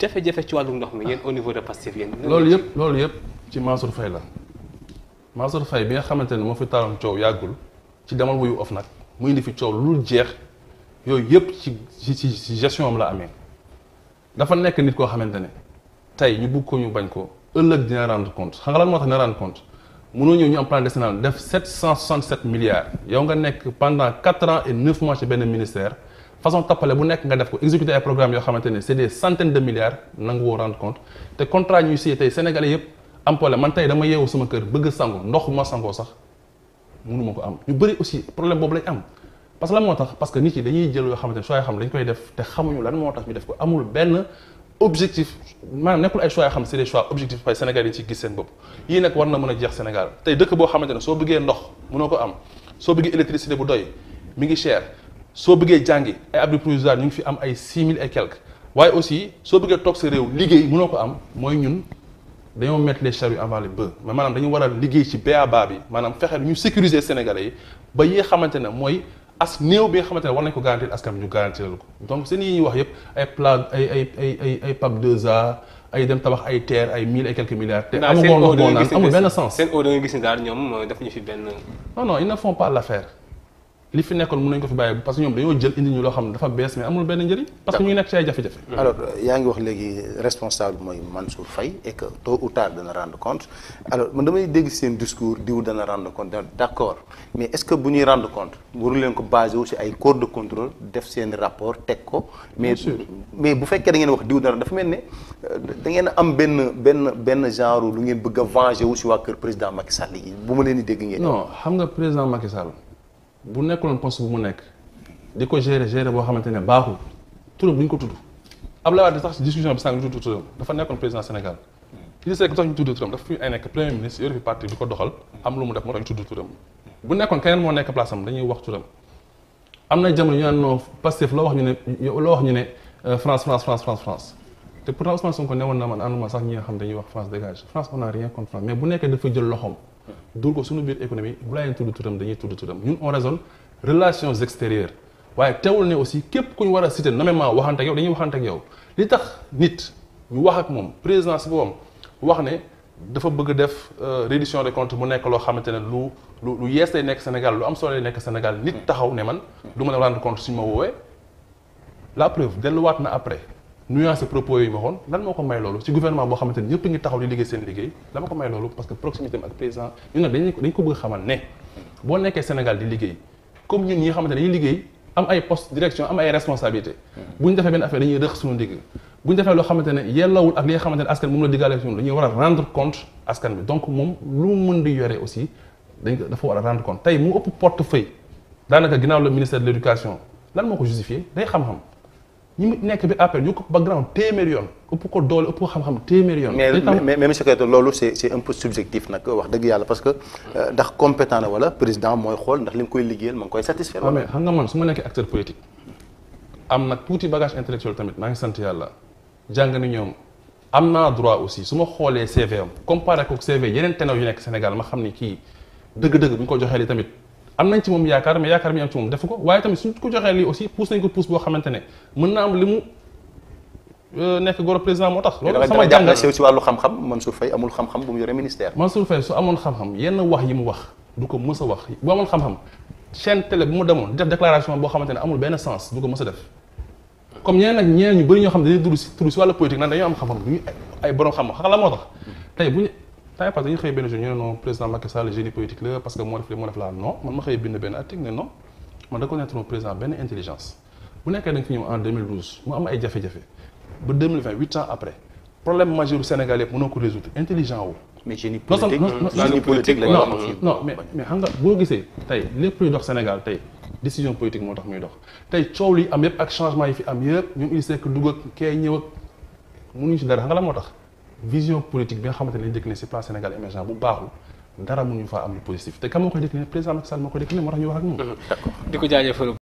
jafe-jafe ci wàllu ndox mi yéen au niveau de Pastef yéen. loolu yëpp loolu yëpp ci Mansour Faye la Mansour Faye bi nga xamante ne moo fi taaloon coow yàggul ci demal wuyu of nag mu indi fi coow lu jeex yooyu yëpp ci ci ci gestion am la amee dafa nekk nit koo xamante ne tey ñu bugg ko ñu bañ ko ëllëg dina rendre compte xam nga lan moo tax dina rendre compte mënoo ñëw ñu am plan décennal def 767 milliards yow nga nekk pendant 4 ans et 9 mois ci benn ministère façon tappale bu nekk nga def ko exécuter ay programmes yoo xamante ne c' est des centaines de milliards nangu woo rendre compte te contrat ñuy siy tey sénégalais yëpp am man tey dama yeewu sama kër bëgg a sangu ndox ma sangoo sax mënu ko am ñu bëri aussi problème boobu lañ am parce que moo tax parce que nit yi dañuy jël yoo xamante ne sooy xam dañ koy def te xamuñu lan moo tax ñu def ko amul benn objectif maanaam nekkul ay choix yoo xam c'est des choix objectifs fay Sénégal yi ci gis seen bopp yii nag war na mën a jeex Sénégal tey dëkk boo xamante ne soo bëggee ndox mënoo ko am soo bëggee électricité bu doy mi ngi cher soo bëggee jàngi ay abri provisoire ñu ngi fi am ay six mille et quelques waaye aussi soo bëggee toog sa réew liggéey mënoo ko am mooy ñun dañoo mettre les charrues avant les bœufs mais maanaam dañu waral a liggéey ci baa bi maanaam fexe ñu sécuriser Sénégalais ba yi nga xamante ne mooy as néew bi nga xamante ne war nañ ko garantir askan bi ñu garantir ko donc seen yi ñuy wax yëpp ay plan ay ay ay PAP 2A ay dem tabax ay terre ay mille et quelques milliards. te amul woon amul benn sens. seen eau da gis ni daal ñoom euh, daf ñu fi benn. non non ils ne font pas l'affaire li fi nekkoon mën nañ ko fi bàyyi parce que ñoom dañoo jël indi ñu loo xam ne dafa bees mais amul benn njëriñ parce que ñu ngi nekk ci ay jafe-jafe mm-hmm. alors euh, yaa ngi wax léegi responsable mooy Mansour Faye et que tôt ou dana rendre compte alors man damay dégg seen discours diw dana rendre compte d' accord mais est ce que bu ñuy rendre compte waru leen ko basé wu si ay corps de contrôle def seen rapport teg ko mais mais bu fekkee da ngeen wax diw dana dafa mel ni euh, da ngeen am benn benn benn genre lu ngeen bëgg a venger wu si waa kër président Macky Sall yi bu ma leen di dégg ngeen non nga président Macky bu nekkuloon poste bu mu nekk di ko gérer gérer boo xamante ne baaxul turam bu ñu ko tudd Abdoulaye Wade sax si discussion bi sànq ñu tudd turam dafa nekkoon président Sénégal il sait que sax ñu tudd turam dafa fi ay nekk premier ministre yore fi parti bu nekkoon keneen moo nekk place am dañuy wax turam am na jamono ñu naan non wax ñu ne euh, France France France France France te pourtant Ousmane Sonko newoon na man ànduma sax ñi xam dañuy wax France dégage France on a rien contre France mais bu nekkee dafa jël loxoom duur ko suñu biir économie bu laa leen tudd turam dañuy tudd turam ñun on raisonne relations extérieures waaye teewul ne aussi képp ku ñu war a cité nommément waxante yow dañuy waxante ak yow li tax nit ñu wax ak moom président si boppam wax ne dafa bëgg def euh, reddition des comptes mu nekk loo xamante ne lu lu lu yees lay nekk Sénégal lu am solo nekk Sénégal nit taxaw ne man du ma la rendre compte suñu ma woowee la preuve delluwaat na après nuancé propos yi ma waxoon lan moo ko may loolu ci gouvernement boo xamante ni ñëpp ngi taxaw di liggéey seen liggéey lan moo ko may loolu parce que proximité ak président ñu nag dañ ko bëgg ne boo nekkee Sénégal di liggéey comme ñun ñi nga xamante ne dañuy liggéey am ay poste hmm. ñu defee benn rëq suñu ndigg bu defee loo xamante ne yellawul ak li nga xamante ne askan moom la diggaale ñun dañuy war a rendre compte askan bi donc moom lu mu mën di yore aussi dafa war a rendre compte tey mu ëpp portefeuille daanaka ginnaaw la ministère de l' lan moo ko justifié xam-xam ñu mu nekk bi appel ñu ko background téeméer yoon ëpp ko doole ëpp ko xam-xam téeméer yoon. mais mais monsieur Keita loolu c' est c' subjectif nag wax dëgg yàlla parce que euh, ndax compétent na wala président mooy xool ndax li mu koy liggéeyal ma ngi koy satisfaire. waaw mais xam nga man su ma nekkee acteur politique am nag tuuti bagage intellectuel tamit maa ngi sant yàlla jàng ni ñoom am naa droit aussi su ma xoolee CV am comparé ko CV yeneen ténor xam ni kii dëgg-dëgg ko joxee tamit. am nañ ci moom yaakaar mais yaakaar mi am ci moom def ko waaye tamit suñ ko joxee lii aussi pousse nañ ko pousse boo xamante ne na am li mu euh, nekk goro président moo tax loolu sama jàngal sew si wàllu xam-xam Mansour Faye amul xam-xam bu mu yore ministère Mansour Faye su amoon xam-xam yenn wax yi mu wax du ko mës a wax bu amoon xam-xam chaîne télé bu mu demoon def déclaration boo xamante ne amul benn sens du ko mës a def comme ñeneen nag ñeneen ñu bëri ñoo xam ne dañuy dugg si tur si wàllu politique naan dañoo am xam la moo tax temps parce que dañuy xëy benn jour ñu ne non président Macky Sall génie politique la parce que moo def li moo man ma xëy bind benn article ne non man reconnaître mon président benn intelligence bu nekkee da nga fi ñëw en am ay jafe-jafe ba 2020 après problème majeur Sénégal yëpp mënoo ko résoudre intelligent wu. mais génie boo gisee tey lépp luy dox Sénégal tey décision politique moo tax muy dox tey coow li am yëpp ak changement yi fi am yëpp ñoom il sait que dugg ak kee ñëw ak mënuñu ci dara xam nga la moo tax. vision politique bi nga xamante ne lañ si plan Sénégal émergent bu baaxul dara mënuñu faa am lu positif te kan moo koy décliné président Macky Sall moo koy décliné moo tax ñu wax ak moom. di ko jaajëfal